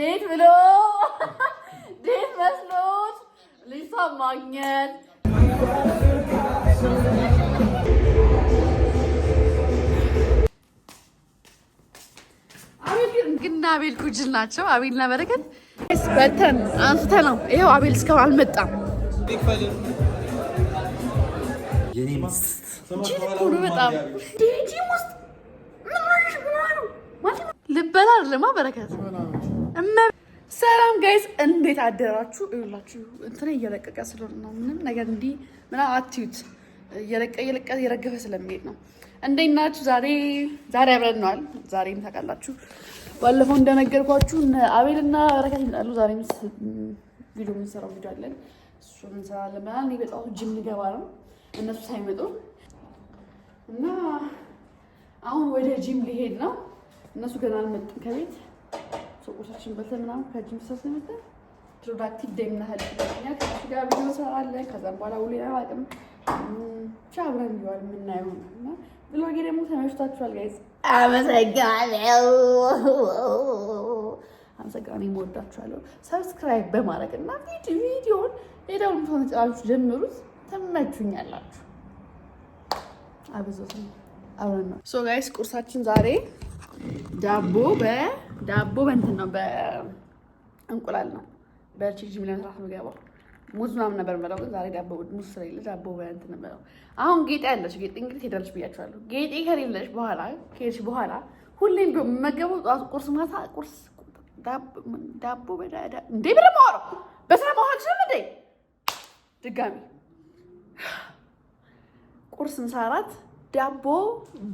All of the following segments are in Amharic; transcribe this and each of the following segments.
ዴት ብሎ ዴት መስሎት ልጅቷ ማግኘት ግና አቤል ቁጅል ናቸው። አቤልና በረከት በተን አንስተ ነው። ይኸው አቤል እስካሁን አልመጣም። ልበላ አይደለማ በረከት ሰላም ጋይዝ እንዴት አደራችሁ? እላችሁ እንትን እየለቀቀ ስለሆነ ነው። ምንም ነገር እንዲህ ምና አትዩት፣ እየለቀ እየለቀ እየረገፈ ስለሚሄድ ነው። እንዴት ናችሁ? ዛሬ ዛሬ አብረን ነዋል። ዛሬም ታውቃላችሁ፣ ባለፈው እንደነገርኳችሁ አቤልና በረከት ይመጣሉ። ዛሬም ቪዲዮ የምንሰራው ቪዲዮ አለን፣ እሱ እንሰራለን። ምናምን እኔ በጣም ጅም ልገባ ነው እነሱ ሳይመጡ እና አሁን ወደ ጂም ሊሄድ ነው። እነሱ ገና አልመጡም ከቤት ቁርሳችን በልተን ምናምን ከጂም ሰው ስንመጣ ፕሮዳክቲቭ ዴይ ምናህል ስለኛ ከሱ ጋር ቪዲዮ ከዛም በኋላ ውሎ አላውቅም ብቻ አብረን እንዲዋል የምናየው ነው እና ብሎጌ ደግሞ ተመችቷችኋል ጋይዝ አመሰግናለሁ። አመሰግናለሁ። ሰብስክራይብ በማድረግ እና ቪዲዮን ሄደውን ተነጫላችሁ ጀምሩት። ትመቹኛላችሁ። አብዞት አብረን ነው ሶ ጋይስ ቁርሳችን ዛሬ ዳቦ በ ዳቦ በእንትን ነው በእንቁላል ነው በቺጅ ሚለ መስራት ምገባው ሙዝ ምናምን ነበር የምበላው፣ ግን ዛሬ ዳቦ ሙዝ ስለሌለ ዳቦ በእንትን ነበረው። አሁን ጌጤ አለች። ጌጤ እንግዲህ ትሄዳለች ብያቸዋለሁ። ጌጤ ከሌለች በኋላ ከሄድሽ በኋላ ሁሌም ቢሆን መገቡ ጠዋት ቁርስ፣ ማታ ቁርስ ዳቦ በዳዳ እንዴ ብለ ማወረ በስራ ማሆን ችልም እንዴ ድጋሚ ቁርስ እንሰራት ዳቦ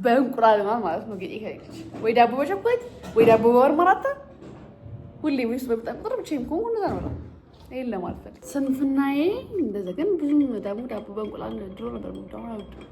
በእንቁላል ማለት ነው። ጌጤ ከሌለች ወይ ዳቦ በቸኮሌት ወይ ዳቦ በወርመራታ ሁሌ ወይ እሱ በመጣ ቁጥር ብቻዬን ከሆንኩ እንደዛ ነው። ይሄን ለማለት ስንፍናዬ እንደዛ። ግን ብዙ ደግሞ ዳቦ በእንቁላል ድሮ ነበር።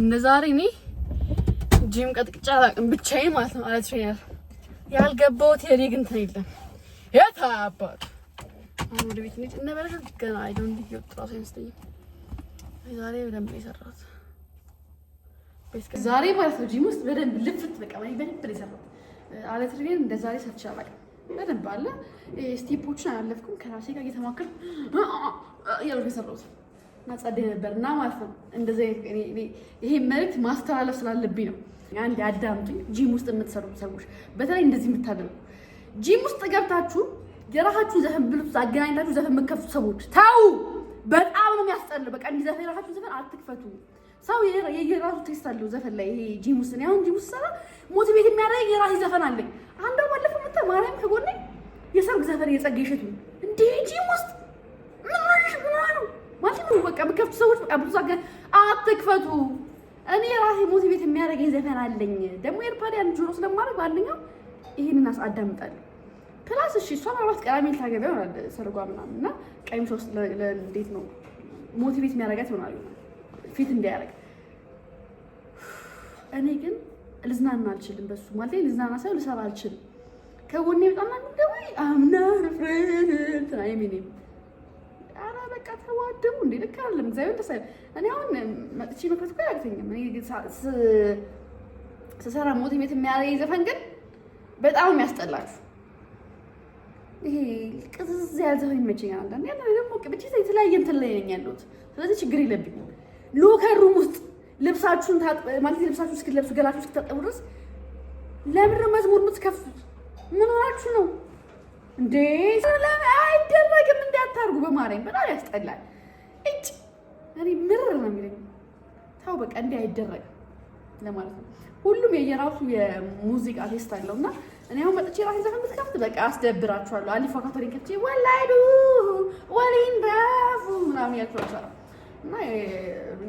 እንደ ዛሬ እኔ ጂም ቀጥቅጫ አላውቅም፣ ብቻዬን ማለት ነው አለት ትሬነር። ያልገባሁት የሊግ እንትን የለም። የት አባቱ አሁን ወደ ቤት እንሂድ እንበለሻት ገና አይደው እንዲህ እየወጡ እራሱ አይመስለኝም። ዛሬ በደንብ የሰራሁት ዛሬ ማለት ነው ጂም ውስጥ በደንብ ልፍት በቃ በደንብ የሰራሁት አለት ሪሌን እንደ ዛሬ ሰርቼ አላውቅም። በደንብ አለ ስቴፖችን አላለፍኩም። ከራሴ ጋር እየተማከርኩ ያው የሰራሁት ማጸደይ ነበር እና ማለት ነው። እንደዚህ ይሄ መልዕክት ማስተላለፍ ስላለብኝ ነው። አንድ አዳምጡኝ። ጂም ውስጥ የምትሰሩ ሰዎች በተለይ እንደዚህ የምታደርጉ ጂም ውስጥ ገብታችሁ የራሳችሁ ዘፈን ብሉት አገናኝታችሁ ዘፈን የምከፍቱ ሰዎች ተው፣ በጣም ነው የሚያስጠላው። በቃ እንዲህ ዘፈን የራሳችሁ ዘፈን አትክፈቱ። ሰው የራሱ ቴስት አለው ዘፈን ላይ። ይሄ ጂም ውስጥ ነው። አሁን ጂም ውስጥ ሰራ ሞቲቬት የሚያደርግ የራሴ ዘፈን አለኝ። አንዷ ባለፈው መታ ማርያም ከጎኔ የሰርግ ዘፈን የጸጋ ይሸቱ እንዴ ጂም በቃ በከፍቱ ሰዎች በቃ ብዙ አትክፈቱ። እኔ ራሴ ሞቲቬት የሚያደርገኝ ዘፈን አለኝ። ደግሞ ኤርፓድ ያን ጆሮ ስለማድረግ አንደኛው ይሄንን አዳምጣለሁ። ፕላስ እሺ፣ እሷ ምናልባት ቀዳሚ ልታገባ ይሆናል ሰርጓ ምናምን እና ቀሚሷ ውስጥ እንዴት ነው ሞቲቬት የሚያደርጋት ይሆናል ፊት እንዲያደርግ። እኔ ግን ልዝናና አልችልም በሱ ማለት ልዝናና ሳይሆን ልሰራ አልችልም። ከጎኔ በጣም ደግሞ አምና ፍሬ በቃ ተዋደሙ እንዴ ልክ አይደለም። እግዚአብሔር ደስ እኔ አሁን መጥቼ መክረት እኮ አያቅተኝም። ስሰራ ዘፈን ግን በጣም ይሄ ቅዝዝ ያለ ዘፈን ይመቸኛል። ያለ ደግሞ ብቻ የተለያየ እንትን ላይ ነኝ ያለሁት። ስለዚህ ችግር የለብኝም። ውስጥ ልብሳችሁን ማለት ልብሳችሁ እስክትለብሱ ገላችሁ እስክታጠቡ ድረስ ለምድር መዝሙር ምትከፍቱት ምን ሆናችሁ ነው? እንዴ አይደረግም፣ እንዳታርጉ በማርያም በጣም ያስጠላል። እጭ እኔ ምር ነው የሚለኝ። ታው በቃ እንዲህ አይደረግም ለማለት ነው። ሁሉም የየራሱ የሙዚቃ ቴስት አለው እና እኔ አሁን መጥቼ ራሴ ዘፈን ብትከፍት በቃ አስደብራችኋለሁ። አሊፋ ካቶሊክ ከፍቼ ወላይዱ ወሊን ምናምን ያልኳቸዋለሁ እና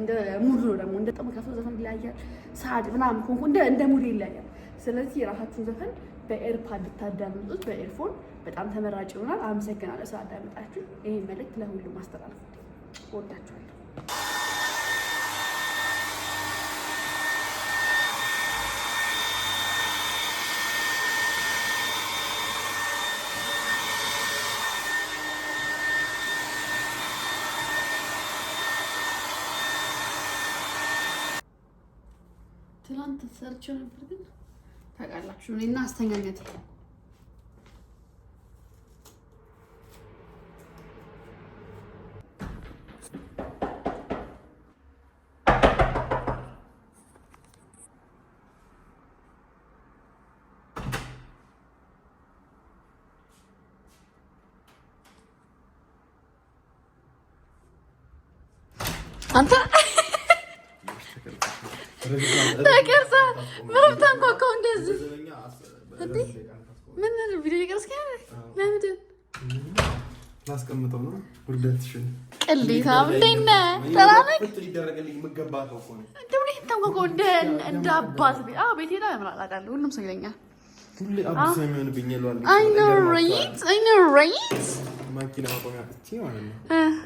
እንደ ሙድ ነው ደግሞ እንደ ጠሙ ከፍቶ ዘፈን ይለያያል። ሳድ ምናምን እንደ ሙድ ይለያያል። ስለዚህ የራሳችሁን ዘፈን በኤርፓድ ብታዳምጡት በኤርፎን በጣም ተመራጭ ይሆናል። አመሰግናለሁ ስላዳመጣችሁ። ይህን መልእክት ለሁሉም ማስተላለፍ ወዳችኋለሁ። ትላንት ሰርቼው ነበር ግን ታውቃላችሁ እኔና አስተኛኘት አንተ ተቀርጻ መብት እንደዚህ እንዴ ምን ቪዲዮ ለምንድን ላስቀምጠው ነው? ውርደትሽን ቅሌታ ሰው እንደ እንደ አባት ያምራል አውቃለሁ። ሁሉም ሰው ይለኛል። ሁሌ ነው አይ ኖ ራይት አይ ኖ ራይት ማኪና ማለት ነው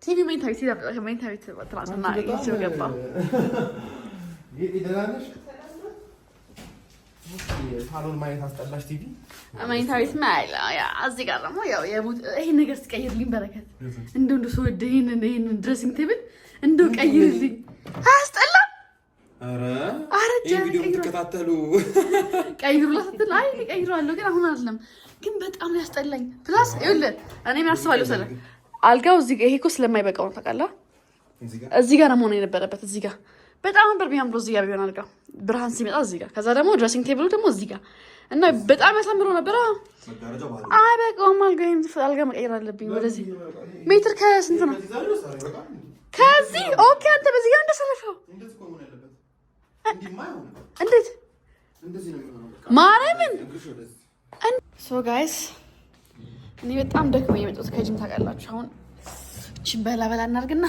تيجي مين تايتي دابا مين تايتي دابا طلعت ما يجي قطة. إذا لانش حالو الماين تاع تبلاش تي في اماين تاع اسماعيل يا ازي قرم يا يا موت هي نقص تكير لي بركات ندو ندو سو دهين دهين من دريسنج تيبل ندو قير لي ها استلا ኧረ ኧረ ቪዲዮ የምትከታተሉ ቀይሩላት ስትል አልጋው እዚህ ይሄ እኮ ስለማይበቃው ነው ታውቃለህ። እዚህ ጋር መሆን የነበረበት እዚህ ጋር በጣም ነበር ቢያምሮ እዚህ ጋር ቢሆን አልጋው ብርሃን ሲመጣ እዚህ ጋር፣ ከዛ ደግሞ ድረሲንግ ቴብሉ ደግሞ እዚህ ጋር እና በጣም ያሳምሮ ነበረ። አይበቃውም አልጋ አልጋ መቀየር አለብኝ። ወደዚህ ሜትር ከስንት ነው ከዚህ? ኦኬ አንተ በዚህ ጋር እንደሰለፈው እንዴት ማርያምን ሶ ጋይስ እኔ በጣም ደክመ የመጡት ከጅም ታውቃላችሁ። አሁን እችን በላ በላ እናድርግና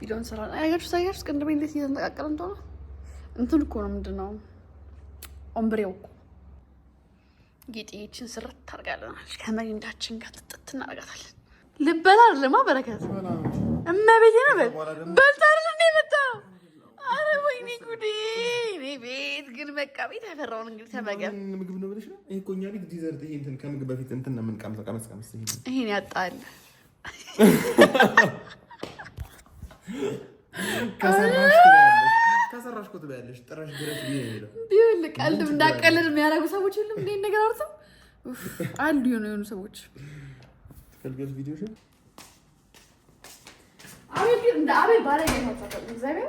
ቪዲዮ እንሰራ ነገሮች ሳያች ቅንድሜ እንዴት እየተንጠቃቀለ እንደሆነ እንትን እኮ ነው ምንድን ነው ኦምብሬው እኮ ጌጤችን ስርት ታርጋለናለች። ከመሪንዳችን ጋር ጥጥት እናደርጋታለን። ልበላ ልማ በረከት እመቤቴ ነበር በልታርን እንዴ መጣ አረ ወይኔ ጉዴ! እኔ ቤት ግን በቃ ቤት ያፈራውን እንግዲህ ተመገብ። ምግብ ነው ብለሽ ነው ይሄ እኮ እኛ ቤት ዲዘርት፣ ይሄ እንትን ከምግብ በፊት እንትን ነው የምንቀምሰው። ቀመስ ቀመስ። ይሄን ያጣል ከሰራሽ እኮ ትበያለሽ። ጥረሽ ድረሽ ቢሆን ቀልድ እንዳቀልድ የሚያደርጉ ሰዎች የሉም። እንዴት ነገር አውርተው አንዱ የሆኑ የሆኑ ሰዎች ፈልገሽ ቪዲዮሽን አቤል ግን እንደ አቤል ባለጌ ነው እግዚአብሔር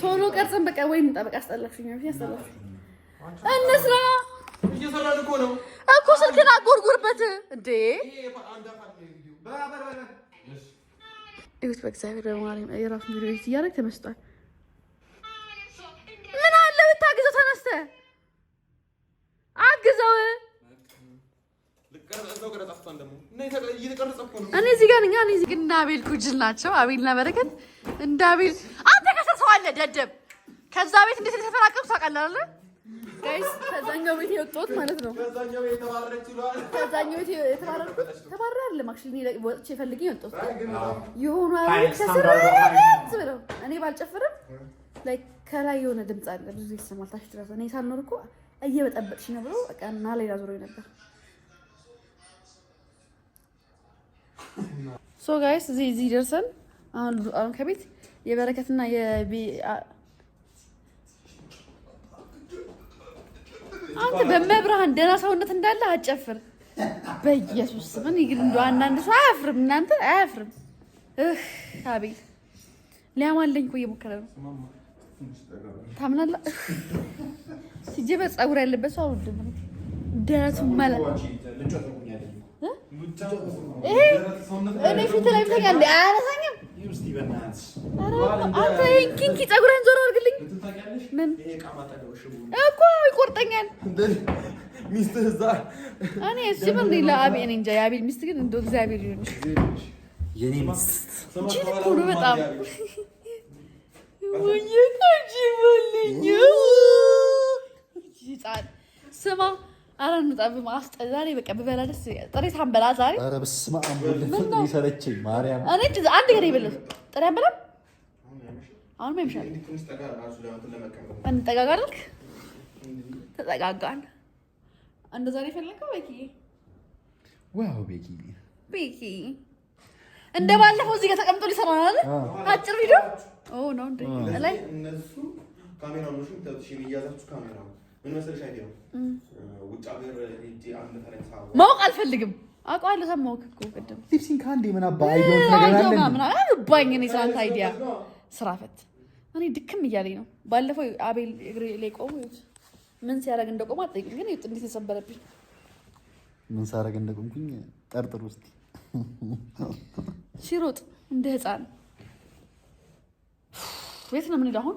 ቶሎ ቀርጽን በቃ ወይ እንጠበቅ። አስጠላችሁኝ እንስራ እኮ ስልክን አጎርጉርበት እንዴ! በእግዚአብሔር በማርያም የራሱ ቪዲዮ ቤት እያደረግ ተመስጧል። ምን አለ ብታግዘው፣ ተነስተ አግዘው እኔ እዚህ ጋር እኛ እኔ እዚህ ግን እንዳቤል ኩጅል ናቸው። አቤልና በረከት እንዳቤል አንተ ከሰሰው ደደብ ከዛ ቤት እንዴት እንደተፈራቀም ታውቃለህ ጋይስ ከዛኛው ቤት የወጣሁት ማለት ነው። ከዛኛው ቤት እኔ ባልጨፍርም ላይክ ከላይ የሆነ ድምጽ አለ ብዙ ይሰማል። ታች ድረስ እኔ ሳልኖር እኮ እየበጠበጥሽ ነው ብሎ በቃ እና ሌላ ዞሮ ነበር ሶ ጋይስ እዚህ ደርሰን አሁን አሁን ከቤት የበረከትና የቢ አንተ በመብርሃን ደህና ሰውነት እንዳለ አጨፍር። በኢየሱስ ምን ይግል እንደው አንዳንድ ሰው አያፍርም፣ እናንተ አያፍርም። እህ አቤል ሊያማለኝ እኮ እየሞከረ ነው። ታምናለህ? ሲጀመር ፀጉር ያለበት ሰው አውድ ደረቱ መላ እኔ ፊት ላይ ተጋለ ኧረ ሳኛም አንተ ኪንኪ ጸጉረን ዞር አድርግልኝ። ምን እኮ ይቆርጠኛል። ሚስትህ እዛ እኔ እሱ ምን ሌላ አቤ እኔ እንጃ። የአቤል ሚስት ግን እንደው እግዚአብሔር ይሁንሽ የኔ ሚስት ቺት እኮ ነው በጣም ወየታጅ ወልኝ ስማ አረ እንውጣ። ማስጠ ዛሬ በቃ ብበላ ደስ ጥሬ ሳንበላ ዛሬ አረ በስመ አብ ሰለቸኝ። ማርያም እኔ አንድ ገር ይበልጥ ጥሬ አንበላም። አሁን ይምሻል እንጠጋጋልክ ተጠጋጋን። እንደዛ ነው የፈለከው ቤኪ? ዋው ቤኪ ቤኪ እንደ ባለፈው እዚህ ጋር ተቀምጦ ሊሰራ አለ አጭር ቪዲዮ ኦ ነው እንደ ላይ እነሱ ካሜራውን ማወቅ አልፈልግም። አውቀዋለሁ ሰማሁህ እኮ ቅድም ሊፕሲንግ ከአንዴ ምን እኔ ስላንተ አይዲያ ስራ ፈት እኔ ድክም እያለኝ ነው። ባለፈው አቤል እግሬ ላይ ቆሙ ምን ሲያደርግ እንደቆመ አትጠይቅም። ግን ይኸው እንዴት የሰበረብኝ ምን ሳደርግ እንደቆምኩኝ ጠርጥር ውስጥ ሲሮጥ እንደ ህፃን ቤት ነው ምን አሁን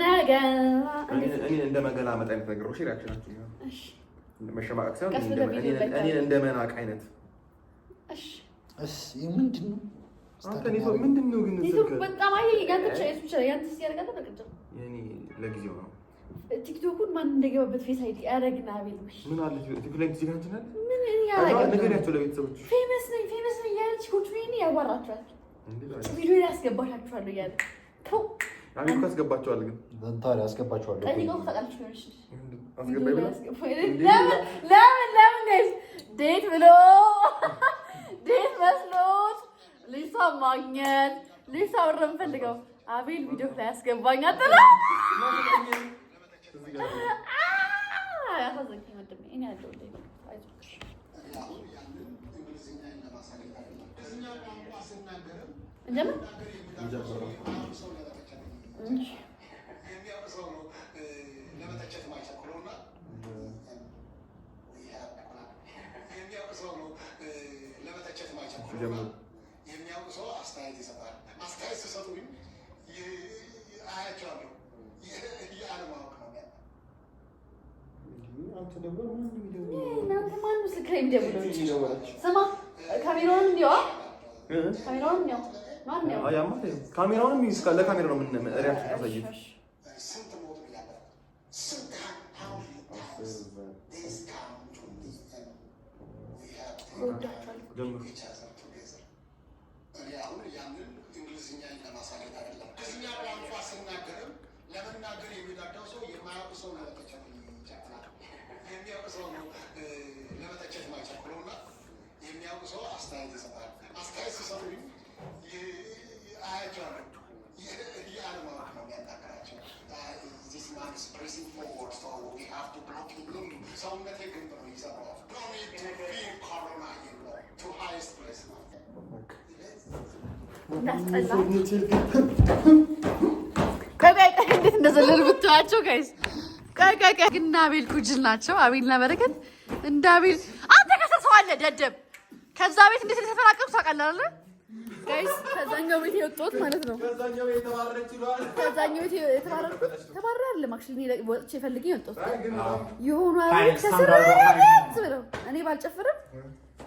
ነገ እንደ መገላመጥ አይነት ነገር ነው። ምንድን ነው ቲክቶኩን ማን እንደገባበት ፌስ አይዲ ያደረግና ቤት ምን አለ ቲክቶክ ላይ ጊዜ ምን ነገሪያቸው ለቤተሰቦች ፌመስ ነኝ ፌመስ ነኝ እያለች ሆቹ ያዋራቸዋል። ቪዲዮ ላይ ያስገባሻቸዋለሁ እያለ ተው አሚ አስገባቸዋል፣ ግን ታዲያ አስገባቸዋለሁ ለምን ለምን ጋይስ ዴት ብሎ ዴት መስሎት ልጅቷ ማግኘት ልጅቷ ብረ ምፈልገው አቤል ቪዲዮ ላይ ያስገባኝ አጥላ Hızlı gel. Hazır kemedim. İner durdu. Hayır. Değil mi? የሚያውቁ ሰው አስተያየት ይሰጣል። አስተያየት ሲሰጡ ግን አያቸዋለሁ ተደውሎ ምንም የሚደውል እናንተ ማን ነው ስልክ ላይ የሚደውለው? ስማ ካሜራውን እንዲያ ካሜራውን እንዲያ ካሜራውን ሚይዝ ካለ ካሜራ ነው ምን ሪያክሽን ታሳየው። ለመናገር የሚዳዳው ሰው የማያውቅ ሰው ነው። አስተያየት ይሰጣል። አስተያየት ሲሰጡ አያቸዋለሁ። እንዴት እንደዘለሉ ብትዋቸው ጋይስ ቀቀቀ ግን አቤል ኩጅል ናቸው። አቤልና በረከት እንደ አቤል አንተ ከሰሰዋለ ደደብ ከዛ ቤት እንዴት እንደተፈራቀቁ ታውቃለህ ጋይስ ከዛኛው ቤት የወጣሁት ማለት ነው። ከዛኛው ቤት የተባረረች ይሏል። ከዛኛው ቤት የተባረረች ተባረረ አይደለም። አክቹሊ ወጥቼ ፈልጌ የወጣሁት የሆኑ አይደል? ከስራ ብለው እኔ ባልጨፍርም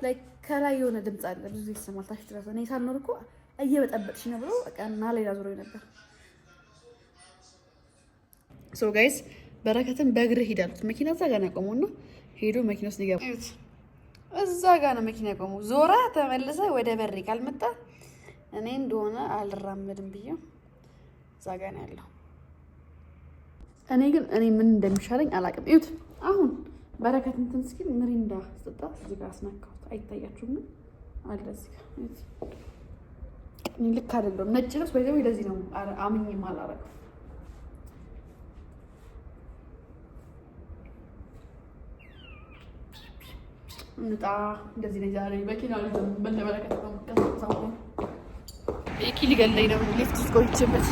ላይክ ከላይ የሆነ ድምፅ አለ ብዙ ጊዜ ይሰማል። ታች ድረስ እኔ ሳልኖር እኮ እየበጠበጥሽ ነው ብሎ እና ሌላ ዞሮ ነበር። ሶ ጋይስ በረከትን በእግርህ ሂድ አሉት። መኪና እዛ ጋር ነው ያቆመውና ሄዶ መኪና ውስጥ ሊገባ እዛ ጋ ነው መኪና የቆመው። ዞራ ተመልሰ ወደ በሬ ካልመጣ እኔ እንደሆነ አልራመድም ብዬ እዛ ጋ ነው ያለው። እኔ ግን እኔ ምን እንደሚሻለኝ አላውቅም። እዩት አሁን በረከት እንትን ስኪል ምሪንዳ ስጠጣ እዚህ ጋ አስነካሁት። አይታያችሁም? አለ እዚህ ልክ አይደለም። ነጭ ልብስ ወይ ደግሞ ወደዚህ ነው አምኜ አላረግም እንጣ እንደዚህ ነው ዛሬ በኪና ልጅ በተመለከተ ነው የምትቀሳቀሰው። ቤኪ ሊገለኝ ነው ሊፍት ቆይቼበት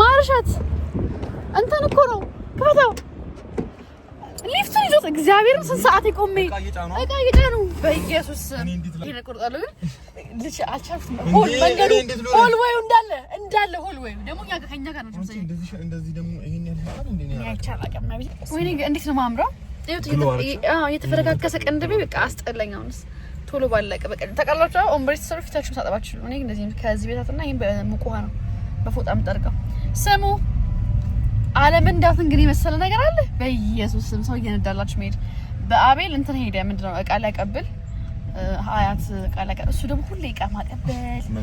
ማርሻት እንትን እኮ ነው ከታው ሊፍቱን ይዞት እግዚአብሔርን ስንት ሰዓት የቆሜ እቃ እየጫኑ በኢየሱስ ይነቁርጣሉ ግን አልቻልኩም። ሆል መንገዱ ሆል ወይ እንዳለ እንዳለ ሆል ወይ ደግሞ እኛ ጋር ከእኛ ጋር ነው። ወይኔ እንዴት ነው ማምረው! የተፈረካከሰ ቅንድቤ በቃ አስጠላኝ። አሁንስ ቶሎ ባለቀ በቃ ተቃላችሁ። ኦምብሬስ ሰሩ ፊታችሁ ታጠባችሁ። እኔ እንደዚህ ከዚህ ቤታትና ይሄን በሙቅ ነው በፎጣ የምጠርቀው። ስሙ አለመንዳት እንግዲህ መሰለ ነገር አለ። በኢየሱስ ስም ሰው እየነዳላችሁ መሄድ። በአቤል እንትን ሄደ ምንድነው እቃ ሊያቀብል አያት ቃላቀ እሱ ደግሞ ሁሌ እቃ ማቀበል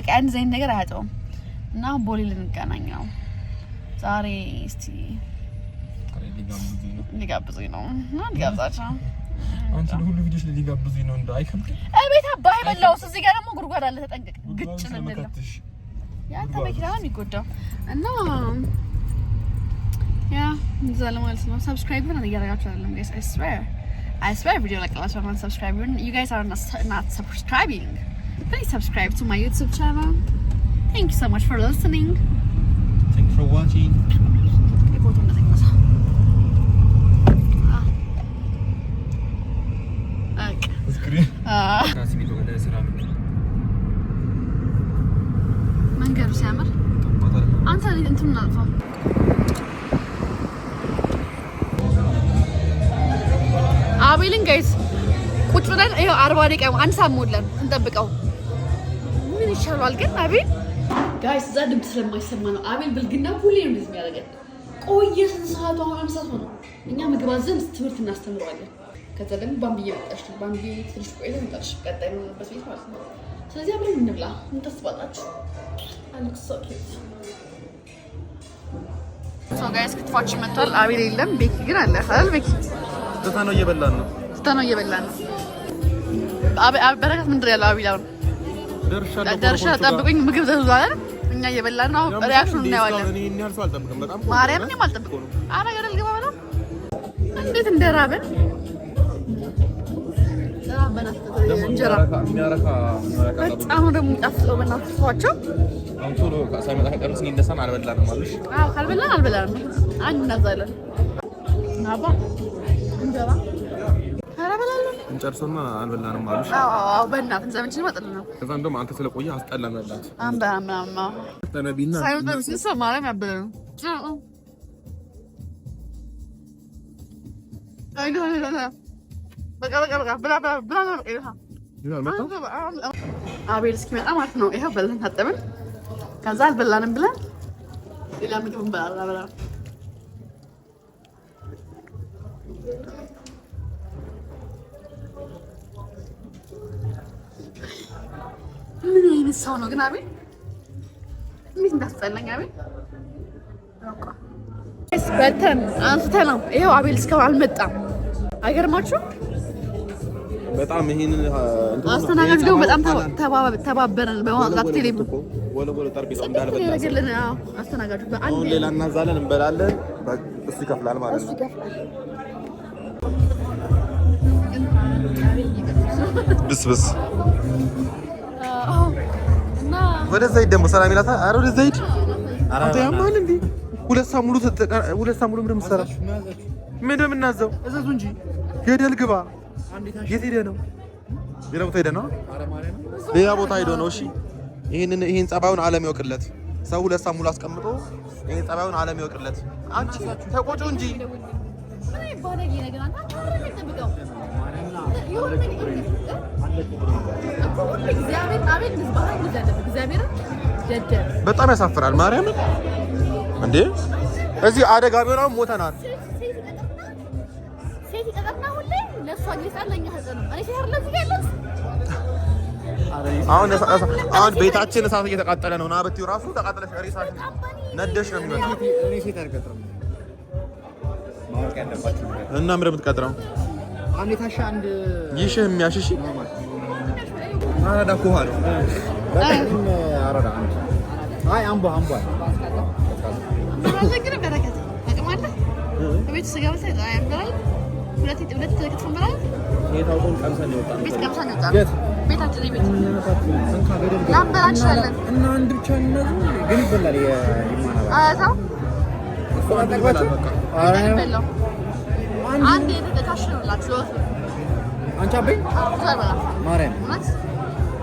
በቃ አንድ ዘይን ነገር አያጠውም። እና ቦሌ ልንገናኝ ዛሬ። እስቲ ሊጋብዙኝ ነው እና ሊጋብዛቸው አንቺ ሁሉ ቪዲዮች ሊጋብዙኝ ነው እንደ አይከብድ እቤት አባይ በላውስ። እዚህ ጋር ደግሞ ጉድጓድ አለ፣ ተጠንቀቅ። ግጭ ነው የሚለው የአንተ መኪና ነው የሚጎዳው። እና ያ እንደዛ ለማለት ነው። ሰብስክራይብ ምን እያደረጋችሁ አይደለም? ጋይስ አይ ስዌር I swear we do like a lot of unsubscribers. You guys are not, not subscribing. Please subscribe to my YouTube channel. Thank you so much for listening. Thanks for watching. i መንገዱ ሲያምር አንተ እንትን እናልፈው አቤልን ጋይስ ቁጭ ብለን ይኸው አርባ ደቂቃ አንድ ሰዓት ሞላን እንጠብቀው። ምን ይሻላል ግን አቤል ጋይስ፣ እዛ ድምፅ ስለማይሰማ ነው። አቤል ብልግና ሁሌ ነው እንደዚህ የሚያደርገን። ቆየ ስንት ሰዓቱ? አሁን አምሳት ሆነ። እኛ ምግብ አዘን ትምህርት እናስተምረዋለን። ከዛ ደግሞ ባምቢ እየመጣች ነው። ባምቢ ትንሽ ቆይታ መጣች። ቀጣይ ሆነበት ቤት ማለት ነው። ስለዚህ አብረን እንብላ። ምን ታስባላችሁ? ሶ ጋይስ ክትፋችን መጥቷል። አቤል የለም፣ ቤኪ ግን አለ አይደል ቤኪ ትተህ ነው እየበላን ነው። ትተህ ነው እየበላን ነው። በረከት ምንድን ያለው አቢላ ነው ደርሻ ጠብቁኝ። ምግብ ተዟል። እኛ እየበላን ነው። አሁን ሪያክሽን እናየዋለን። ማርያም እኔም አልጠብቅም። አረ ገደል ግባ ብለው እንዴት እንደራበን እንጀራ ደግሞ እናዛለን እንጀራ እንጨርሰውና አልበላንም አሉሽ? አዎ አዎ፣ በእናትህ እንዘምችን መጥል ነው። ከዛ እንደውም አንተ ስለቆየ አስጠላን መላት አንበላ ምናምን ተነቢና አቤል እስኪመጣ ማለት ነው። ይኸው በልተን ታጠብን። ከዛ አልበላንም ብለን ሌላ ምግብ እንበላለን። ምን አይነት ሰው ነው ግን? አቤል እንዴት እንዳስጠላኝ! አቤል በተን አንስተ ነው ይኸው። አቤል እስካሁን አልመጣም። አይገርማችሁም? በጣም ይሄን አስተናጋጅ ደግሞ በጣም ተባበረን። በማውጣት ቴሌ ወለወለ ጠርቢዛ እንዳልበላ አስተናጋጁ በአንድ ሌላ እናዛለን፣ እንበላለን። እሱ ይከፍላል ማለት ነው። ብስ ብስ ወደዛ ሂድ ደግሞ ሰላም ይላታል። ኧረ ወደዛ ሂድ አንተ ያማል እንዴ? ሁለት ሳሙሉ ሁለት ሳሙሉ ምንም ሰራ ምንም እናዘው እዛዙ እንጂ ገደል ግባ። የት ሄደህ ነው? ሌላ ቦታ ሄደህ ነው? ሌላ ቦታ ሄዶ ነው። እሺ ይሄንን ይሄን ጸባዩን ዓለም ያውቅለት። ሰው ሁለት ሳሙሉ አስቀምጦ ይሄን ጸባዩን ዓለም ያውቅለት። አንቺ ተቆጮ እንጂ በጣም ያሳፍራል። ማርያምን እንዴ እዚህ አደጋ ቢሆን ሞተናል። አሁን ቤታችን እሳት እየተቃጠለ ነው። ና ብትይው እራሱ ተቃጥለሽ ሬሳሽ ነደሽ ነው የሚመጣው እና ምንድን ነው የምትቀጥረው? ይሽህ የሚያሽሽ አራዳ እኮ ውሃ ነው። አይ አምቧ አምቧ ማርያም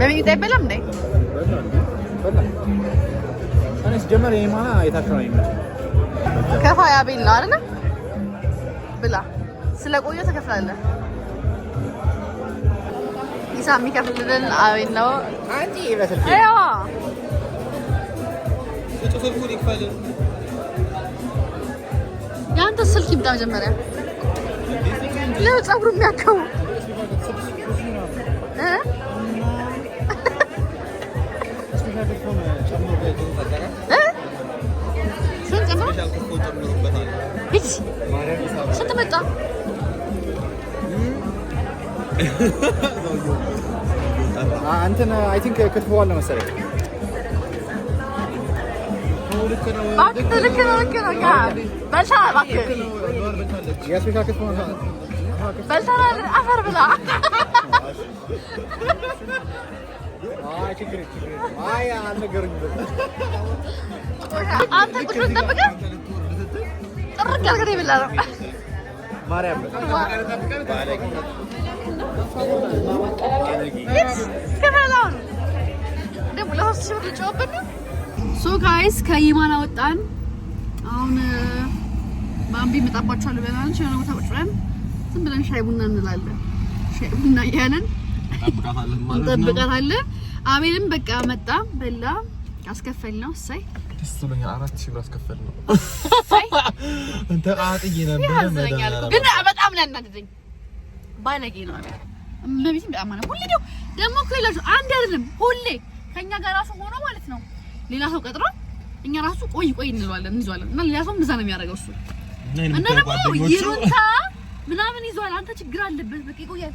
በመኝታ አይበላም እንዴ? ጀመር የማና ከፋ ያቤል ነው አይደል? ብላ ስለ ቆየ ተከፍላለህ። የሚከፍልልን አቤል ነው። አንቺ ይበስል አይዋ የአንተ ስልክ ይብዳ መጀመሪያ ለጸጉሩ የሚያከው ስንት መጣ? እንትን አይ ቲንክ ክትፎ አለ መሰለኝ። ልክ ነው። አንተ ቁጭ ጠብቀህ ጥርቅ ያልከት የበላ ነው። ማርያም ከበላውን ሶ ጋይስ ከይማን አወጣን። አሁን ባምቢ መጣባቸዋል ብለናል። ሻይ ቡና እንላለን። ቡና እያለን እንጠብቃታለን። አቤልም በቃ መጣ፣ በላ፣ አስከፈል ነው። እሰይ ደስ ብሎኛል። አራት ሺህ ብር አስከፈል ነው። እንተ አጥዬ ነበር ግን በጣም ነው ባለጌ ነው አቤል በጣም ነው። ሁሌ ደግሞ እኮ ይላችሁ አንድ አይደለም፣ ሁሌ ከእኛ ጋር ራሱ ሆኖ ማለት ነው። ሌላ ሰው ቀጥሮ እኛ ራሱ ቆይ ቆይ እንለዋለን እንይዘዋለን። እና ሌላ ሰውም እዛ ነው የሚያደርገው እሱ እና ደግሞ ይሩንታ ምናምን ይዟል። አንተ ችግር አለበት በቃ ይቆያል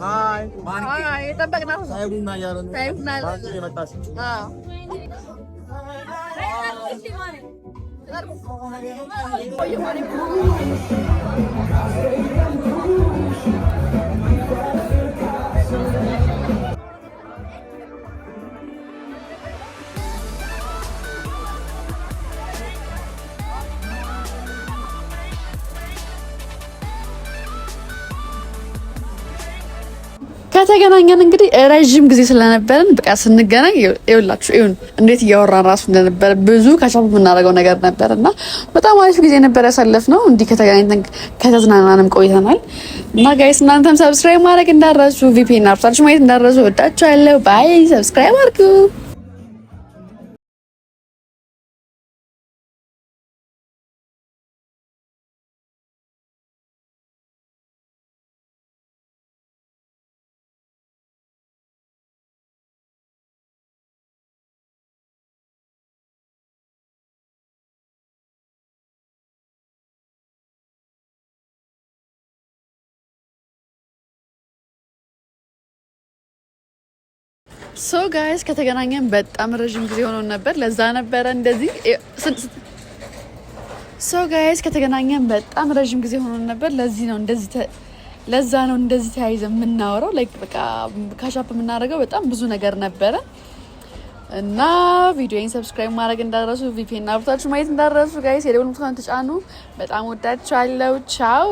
はい。はい。いただきます。さよならやるね。さよなら。マンキーまた。あ。Thank you. ከተገናኘን እንግዲህ ረዥም ጊዜ ስለነበረን በቃ ስንገናኝ ይውላችሁ ይሁን እንዴት እያወራን ራሱ እንደነበረ ብዙ ከቻፕ የምናደርገው ነገር ነበር እና በጣም አሪፍ ጊዜ ነበር ያሳለፍነው። እንዲህ ከተገናኝተን ከተዝናናንም ቆይተናል እና ጋይስ እናንተም ሰብስክራይብ ማድረግ እንዳረሱ ቪፒ እናርሳችሁ ማየት እንዳረሱ ወዳችኋለሁ። ባይ ሰብስክራይብ አድርጉ። ሶ ጋይስ ከተገናኘን በጣም ረዥም ጊዜ ሆኖን ነበር። ለዛ ነበረ እንደዚህ ሶ ጋይስ ከተገናኘን በጣም ረዥም ጊዜ ሆኖ ነበር። ለዚህ ነው እንደዚህ ለዛ ነው እንደዚህ ተያይዘ የምናወራው ላይክ በቃ ካሻፕ የምናደርገው በጣም ብዙ ነገር ነበረ እና ቪዲዮን ሰብስክራይብ ማድረግ እንዳረሱ ቪፒኤን አብርታችሁ ማየት እንዳረሱ ጋይስ የደወል ምልክቱን ተጫኑ። በጣም ወዳችኋለሁ። ቻው